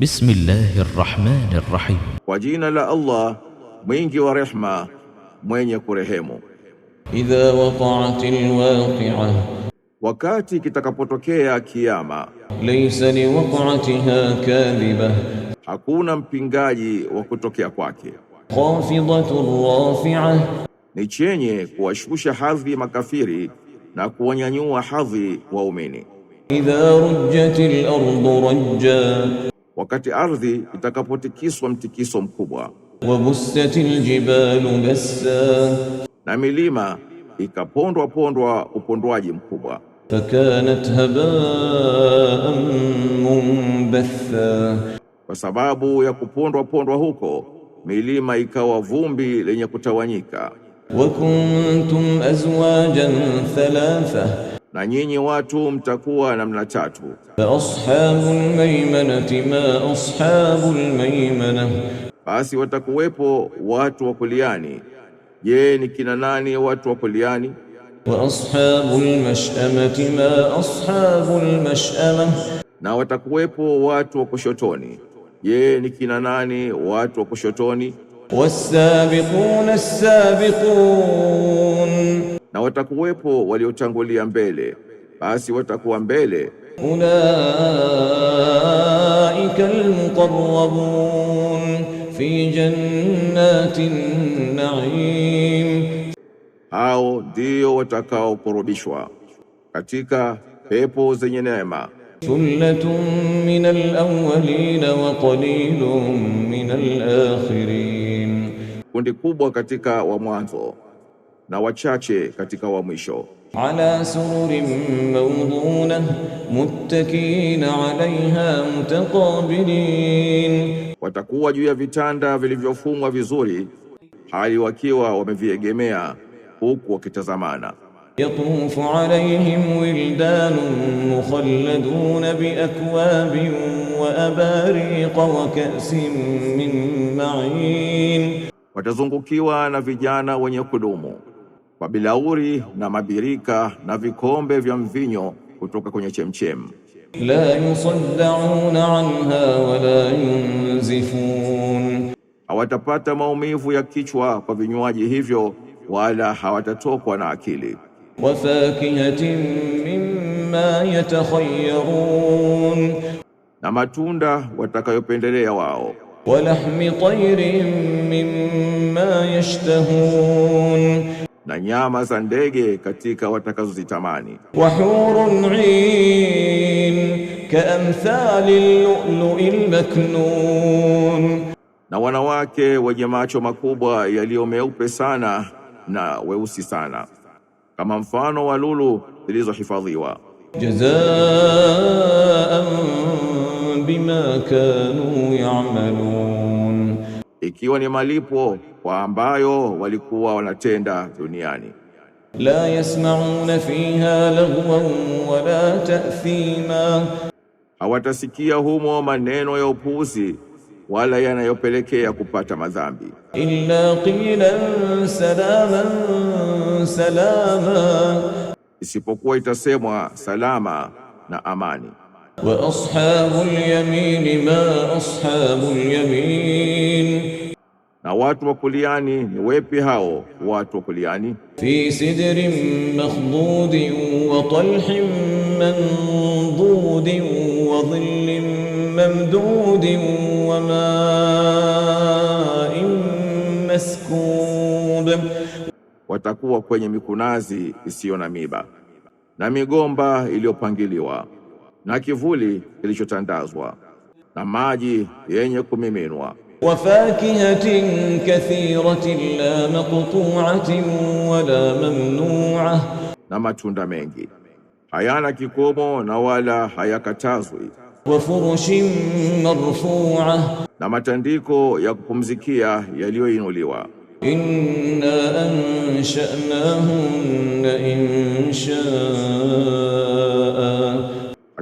Bismillahi rrahmani rrahim, kwa jina la Allah mwingi wa rehma mwenye kurehemu. Idha waqa'atil waqi'a, wakati kitakapotokea kiama Laysa liwaqa'atiha kadhiba, hakuna mpingaji wa kutokea kwake. Khafidatur rafi'a, ni chenye kuwashusha hadhi makafiri na kuwanyanyua hadhi waumini. Idha rujjatil ardu rajja wakati ardhi itakapotikiswa mtikiso mkubwa. wa bussatil jibalu bassa, na milima ikapondwa pondwa upondwaji mkubwa. fakanat habaan munbatha, kwa sababu ya kupondwa pondwa huko milima ikawa vumbi lenye kutawanyika. wa kuntum azwajan thalatha na nyinyi watu mtakuwa namna tatu. Fa ashabul maymanati ma ashabul maymana, basi watakuwepo watu wa kuliani. Je, ni kina nani watu wa kuliani? Wa ashabul mash'amati ma ashabul mash'ama, na watakuwepo watu wa kushotoni. Je, ni kina nani watu wa kushotoni? Wasabiquna as-sabiqun na watakuwepo waliotangulia mbele, basi watakuwa mbele. Ulaika almuqarrabun fi jannatin naim, hao ndio watakaokurubishwa katika pepo zenye neema. Thullatun min alawwalin wa qalilun min alakhirin, kundi kubwa katika wa mwanzo na wachache katika wa mwisho. ala sururin mawduna muttakiina alaiha mutaqabilin, watakuwa juu ya vitanda vilivyofumwa vizuri, hali wakiwa wameviegemea huku wakitazamana. yatufu alaihim wildanun mukhalladun biakwabin wa abariq wa ka'sin min ma'in, watazungukiwa na vijana wenye kudumu kwa bilauri na mabirika na vikombe vya mvinyo kutoka kwenye chemchem. La yusaddauna anha wala yunzifun, hawatapata maumivu ya kichwa kwa vinywaji hivyo wala hawatatokwa na akili. Wa fakihatin mimma yatakhayyarun, na matunda watakayopendelea wao. Wa lahmi tayrin mimma yashtahun na nyama za ndege katika watakazozitamani. wa hurun in kaamthali lu'lu'il na wanawake wenye macho makubwa yaliyo meupe sana na weusi sana kama mfano wa lulu zilizohifadhiwa. jazaan bima kanu ya'malun ikiwa ni malipo kwa ambayo walikuwa wanatenda duniani. La yasmauna fiha lahwan wala ta'thima, hawatasikia humo maneno ya upuzi wala yanayopelekea kupata madhambi. Illa qilan salaman salama, isipokuwa itasemwa salama na amani. Waashabu lyamini ma ashabu lyamin, na watu wa kuliani ni wepi hao watu wa kuliani? Fi sidrin makhdudin wa talhin mandudin wa dhillin mamdudin wa ma'in maskub, watakuwa kwenye mikunazi isiyo na miba na migomba iliyopangiliwa na kivuli kilichotandazwa na maji yenye kumiminwa. wa fakihatin kathiratin la maqtu'atin wala mamnu'a, na matunda mengi hayana kikomo na wala hayakatazwi. wa furushin marfu'a, na matandiko ya kupumzikia yaliyoinuliwa. inna ansha'nahunna insha'a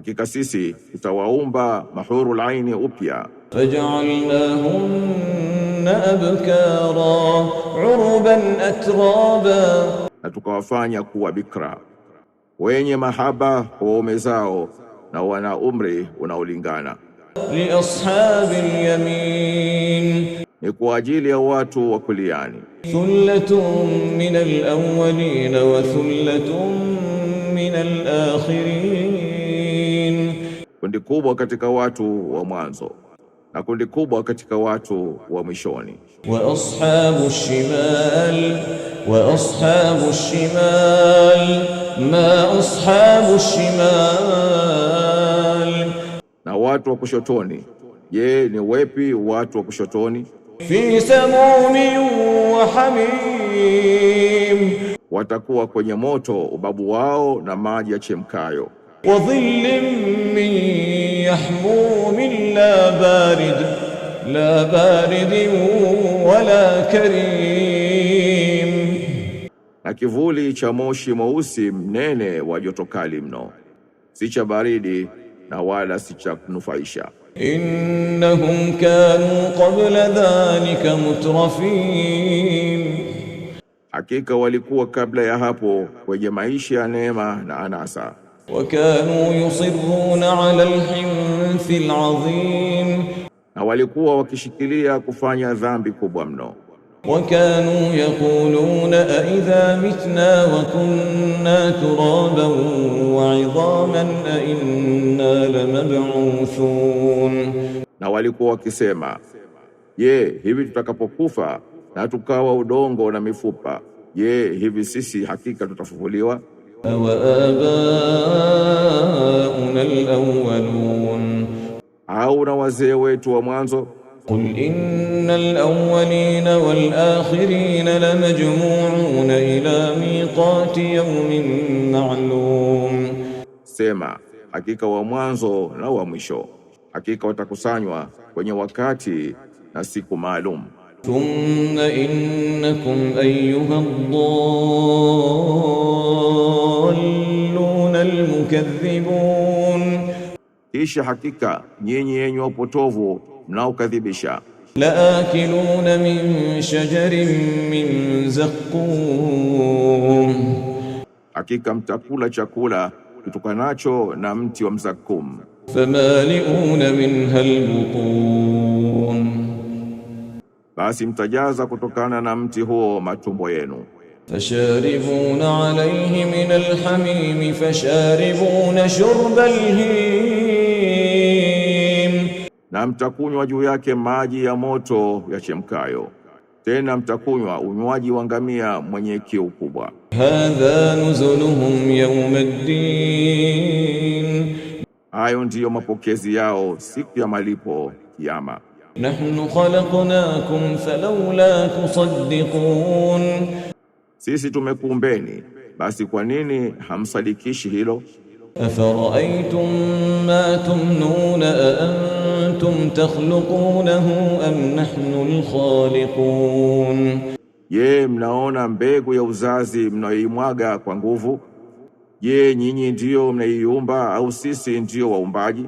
Hakika sisi tutawaumba mahuru laini upya. Faj'alnahunna abkara urban atraba, na tukawafanya kuwa bikra wenye mahaba waume zao na wana umri unaolingana. Li ashabi yamin, ni kwa ajili ya watu wa kuliani. Thullatun min alawwalin wa thullatun min alakhirin kundi kubwa katika watu wa mwanzo na kundi kubwa katika watu wa mwishoni. wa ashabu shimal wa ashabu shimal ma ashabu shimal, na watu wa kushotoni, je, ni wepi watu wa kushotoni? fi samumi wa hamim, watakuwa kwenye moto ubabu wao na maji ya chemkayo wa dhillin min yahmumin la barid la barid wala na kivuli cha moshi mweusi mnene wa joto kali mno, si cha baridi na wala si cha kunufaisha. Innahum kanu qabla dhalika mutrafin, hakika walikuwa kabla ya hapo kwenye maisha ya neema na anasa. Wakanu yusirruna ala alhinthi alazim, na walikuwa wakishikilia kufanya dhambi kubwa mno. Wakanu yaquluna a idha mitna wa kunna turaban wa idhaman inna lamab'uthun, na walikuwa wakisema je, hivi tutakapokufa na tukawa udongo na mifupa, je, hivi sisi hakika tutafufuliwa? awaabauna lawalun, au na wazee wetu wa mwanzo. Qul innal awwalina wal akhirina lamajmu'una ila miqati yawmin ma'lum, sema hakika wa mwanzo na wa mwisho hakika watakusanywa kwenye wakati na siku maalum. Thumma innakum ayyuhad Kisha hakika nyinyi yenye upotovu mnaokadhibisha. akiluna min shajarin min zaqqum, hakika mtakula chakula kutokanacho na mti wa mzakum. famaliuna minha albutun, basi mtajaza kutokana na mti huo matumbo yenu. fasharibuna alayhi min alhamim fasharibuna shurbal alhim na mtakunywa juu yake maji ya moto yachemkayo, tena mtakunywa unywaji wa ngamia mwenye kiu kubwa. Hadha nuzuluhum yawmiddin, hayo ndiyo mapokezi yao siku ya malipo Kiyama. Nahnu khalaqnakum falawla tusaddiqun, sisi tumekuumbeni basi kwa nini hamsadikishi hilo? أفرأيتم ما تمنون أأنتم تخلقونه أم نحن الخالقون Je, mnaona mbegu ya uzazi mnayoimwaga kwa nguvu? Je, nyinyi ndiyo mnaiumba au sisi ndiyo waumbaji?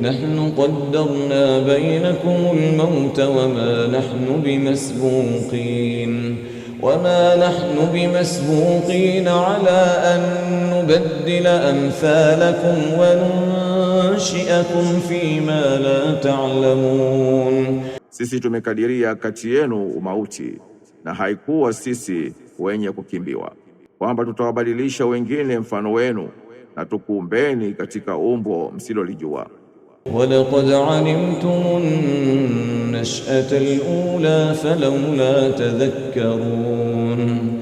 Nahnu qaddarna bainakum al-maut wa ma nahnu bimasbuqin وما نحن بمسبوقين على أن نبدل أمثالكم وننشئكم فيما la تعلمون Sisi tumekadiria kati yenu umauti na haikuwa sisi wenye kukimbiwa kwamba tutawabadilisha wengine mfano wenu na tukuumbeni katika umbo msilolijua ولقد علمتم النشأة الأولى فلولا تذكرون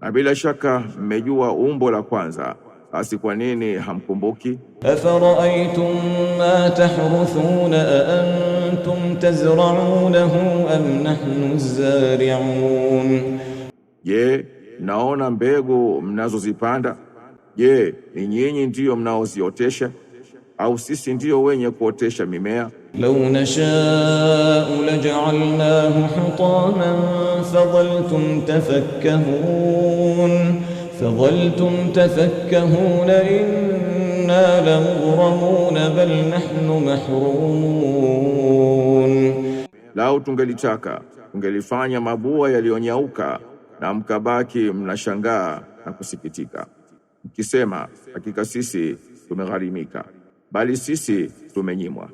na bila shaka mmejua umbo la kwanza, basi kwa nini hamkumbuki? afara'aytum ma tahruthuna a antum tazra'unahu am nahnu zariun je, naona mbegu mnazozipanda? Je, ni nyinyi ndiyo mnaoziotesha? au sisi ndio wenye kuotesha mimea? Lau nashau laj'alnahu hutaman fadhaltum tafakkahun fadhaltum tafakkahun inna lamughramun bal nahnu mahrumun, lau tungelitaka tungelifanya mabua yaliyonyauka na mkabaki mnashangaa na kusikitika mkisema hakika sisi tumegharimika bali sisi tumenyimwa.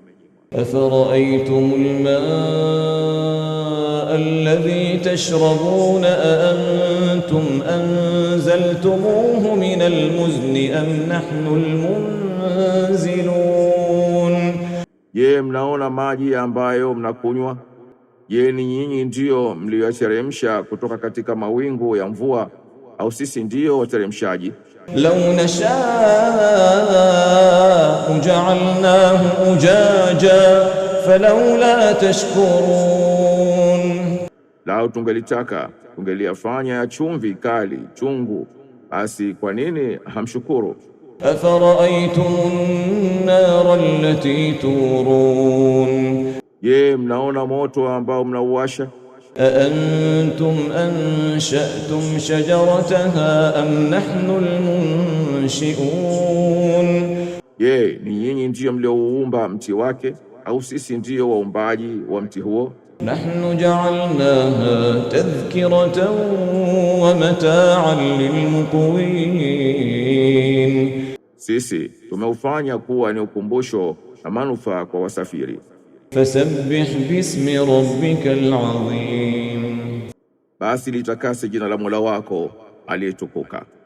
Afara'aytumul maa alladhi tashrabun antum anzaltumuhu minal muzni am nahnul munzilun, Je, mnaona maji ambayo mnakunywa? Je, ni nyinyi ndiyo mliyoteremsha kutoka katika mawingu ya mvua au sisi ndiyo wateremshaji? Lau nashau ja'alnahu ujaja falawla tashkurun, lau tungelitaka tungeliyafanya ya chumvi kali chungu, basi kwa nini hamshukuru? Afara'aytumun nara allati turun, je, mnaona moto ambao mnauwasha أأنتم أنشأتم شجرتها أم نحن المنشئون Je, ni nyinyi ndiyo mliouumba mti wake au sisi ndiyo waumbaji wa mti huo? Nahnu ja'alnaha tadhkiratan wa mata'an lilmuqwin, sisi tumeufanya kuwa ni ukumbusho na manufaa kwa wasafiri. Fasabbih bismi rabbikal azim, basi litakase jina la Mola wako aliyetukuka.